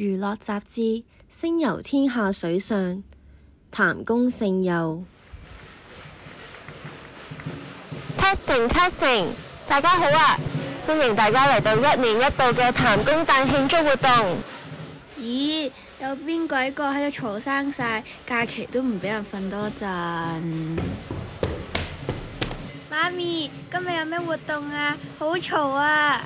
娛樂雜誌《星遊天下》水上譚公盛佑 testing testing，大家好啊，歡迎大家嚟到一年一度嘅譚公誕慶祝活動。咦，有邊鬼個喺度嘈生晒，假期都唔俾人瞓多陣。媽咪，今日有咩活動啊？好嘈啊！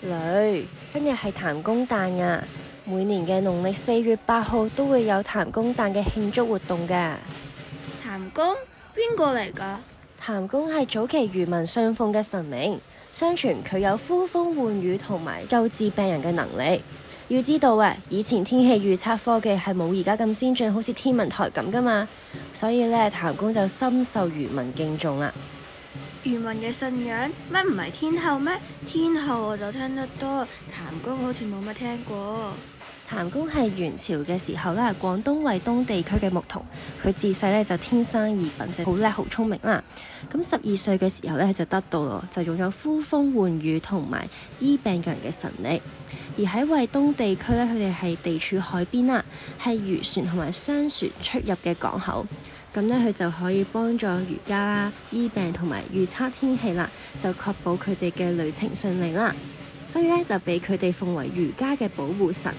女，今日係譚公誕啊！每年嘅農曆四月八號都會有譚公誕嘅慶祝活動嘅。譚公邊個嚟㗎？譚公係早期漁民信奉嘅神明，相傳佢有呼風喚雨同埋救治病人嘅能力。要知道啊，以前天氣預測科技係冇而家咁先進，好似天文台咁㗎嘛。所以呢譚公就深受漁民敬重啦。漁民嘅信仰乜唔係天后咩？天后我就聽得多，譚公好似冇乜聽過。譚公係元朝嘅時候咧，廣東惠東地區嘅牧童，佢自細咧就天生異品，就好叻，好聰明啦。咁十二歲嘅時候咧，佢就得到咯，就擁有呼風喚雨同埋醫病嘅人嘅神力。而喺惠東地區咧，佢哋係地處海邊啦，係漁船同埋商船出入嘅港口，咁咧佢就可以幫助漁家啦醫病同埋預測天氣啦，就確保佢哋嘅旅程順利啦。所以咧就俾佢哋奉為漁家嘅保護神。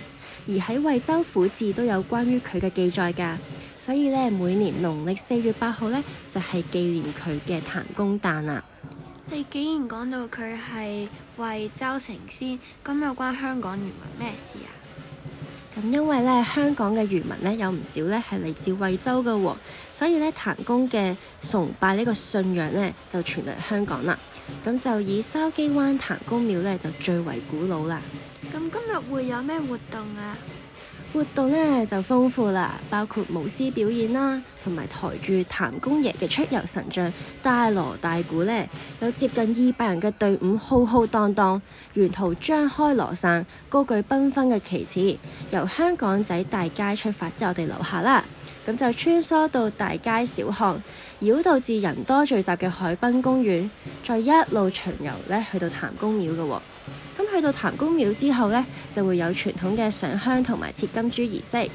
而喺惠州府志都有關於佢嘅記載㗎，所以咧每年農曆四月八號咧就係、是、紀念佢嘅譚公誕啦。你竟然講到佢係惠州成仙，咁有關香港漁民咩事啊？因為咧，香港嘅漁民咧有唔少咧係嚟自惠州嘅喎、哦，所以咧，譚公嘅崇拜呢個信仰咧就傳嚟香港啦。咁、嗯、就以筲箕灣譚公廟咧就最為古老啦。咁今日會有咩活動啊？活動呢就豐富啦，包括舞獅表演啦，同埋抬住譚公爺嘅出遊神像大鑼大鼓呢，有接近二百人嘅隊伍浩浩蕩蕩，沿途張開羅傘、高舉繽紛嘅旗幟，由香港仔大街出發，即我哋樓下啦，咁就穿梭到大街小巷，繞道至人多聚集嘅海濱公園，再一路巡遊呢，去到譚公廟嘅喎。咁去到譚公廟之後呢，就會有傳統嘅上香同埋切金豬儀式。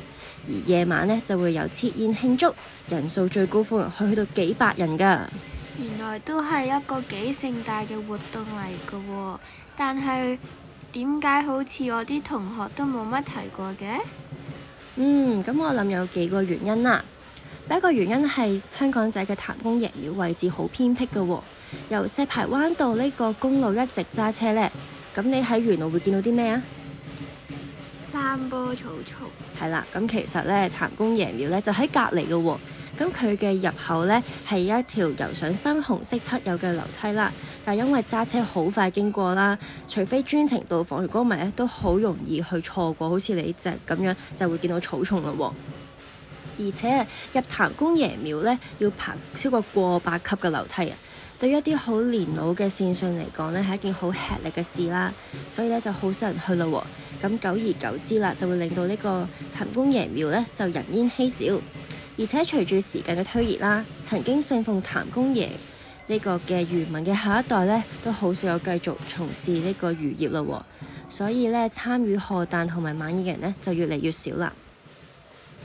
而夜晚呢，就會有設宴慶祝，人數最高峰可以去到幾百人噶。原來都係一個幾盛大嘅活動嚟噶、哦，但係點解好似我啲同學都冇乜提過嘅？嗯，咁我諗有幾個原因啦、啊。第一個原因係香港仔嘅譚公爺廟位置好偏僻噶、哦，由石排灣道呢個公路一直揸車呢。咁你喺沿路會見到啲咩啊？三棵草叢。係啦，咁其實咧，譚公爺廟咧就喺隔離嘅喎。咁佢嘅入口咧係一條由上深紅色漆油嘅樓梯啦。但係因為揸車好快經過啦，除非專程到訪，如果唔係咧，都好容易去錯過。好似你這隻咁樣就會見到草叢啦喎、哦。而且、啊、入譚公爺廟咧要爬超過過百級嘅樓梯啊！對於一啲好年老嘅善信嚟講呢係一件好吃力嘅事啦，所以呢，就好少人去啦。咁久而久之啦，就會令到個譚呢個譚公爺廟呢就人煙稀少，而且隨住時間嘅推移啦，曾經信奉譚公爺呢、這個嘅漁民嘅下一代呢，都好少有繼續從事呢個漁業啦，所以呢，參與賀誕同埋晚宴嘅人呢，就越嚟越少啦。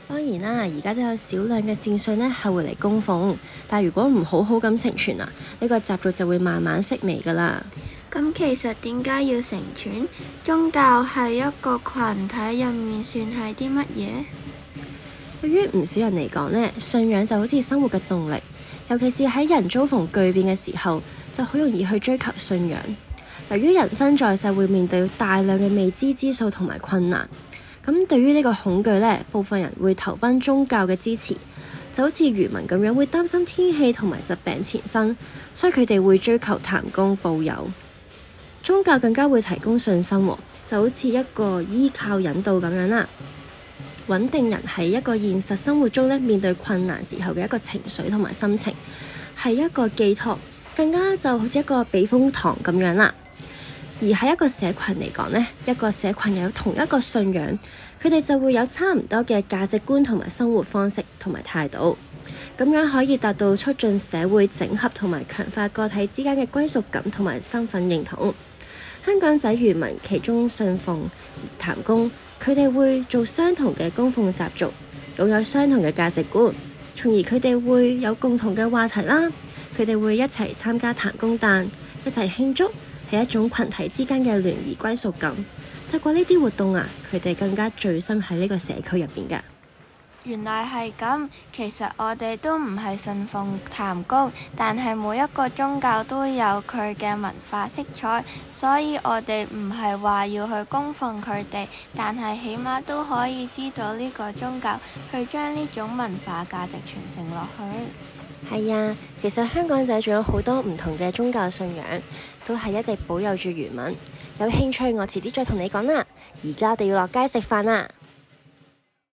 當然啦、啊，而家都有少量嘅善信咧，係會嚟供奉。但如果唔好好咁承傳啊，呢、這個習俗就會慢慢式微噶啦。咁其實點解要承傳？宗教係一個群體入面算係啲乜嘢？對於唔少人嚟講呢信仰就好似生活嘅動力。尤其是喺人遭逢巨變嘅時候，就好容易去追求信仰。由於人生在世會面對大量嘅未知之數同埋困難。咁、嗯、對於呢個恐懼呢，部分人會投奔宗教嘅支持，就好似漁民咁樣會擔心天氣同埋疾病纏身，所以佢哋會追求譚公庇佑。宗教更加會提供信心，就好似一個依靠引導咁樣啦，穩定人喺一個現實生活中呢，面對困難時候嘅一個情緒同埋心情，係一個寄託，更加就好似一個避風塘咁樣啦。而喺一個社群嚟講呢一個社群有同一個信仰，佢哋就會有差唔多嘅價值觀同埋生活方式同埋態度，咁樣可以達到促進社會整合同埋強化個體之間嘅歸屬感同埋身份認同。香港仔漁民其中信奉譚公，佢哋會做相同嘅供奉習俗，擁有相同嘅價值觀，從而佢哋會有共同嘅話題啦。佢哋會一齊參加譚公誕，一齊慶祝。係一種群體之間嘅聯誼歸屬感。透過呢啲活動啊，佢哋更加聚心喺呢個社區入邊嘅。原來係咁。其實我哋都唔係信奉禪公，但係每一個宗教都有佢嘅文化色彩，所以我哋唔係話要去供奉佢哋，但係起碼都可以知道呢個宗教去將呢種文化價值傳承落去。係啊，其實香港仔仲有好多唔同嘅宗教信仰。都係一直保佑住漁民。有興趣，我遲啲再同你講啦。而家我哋要落街食飯啦。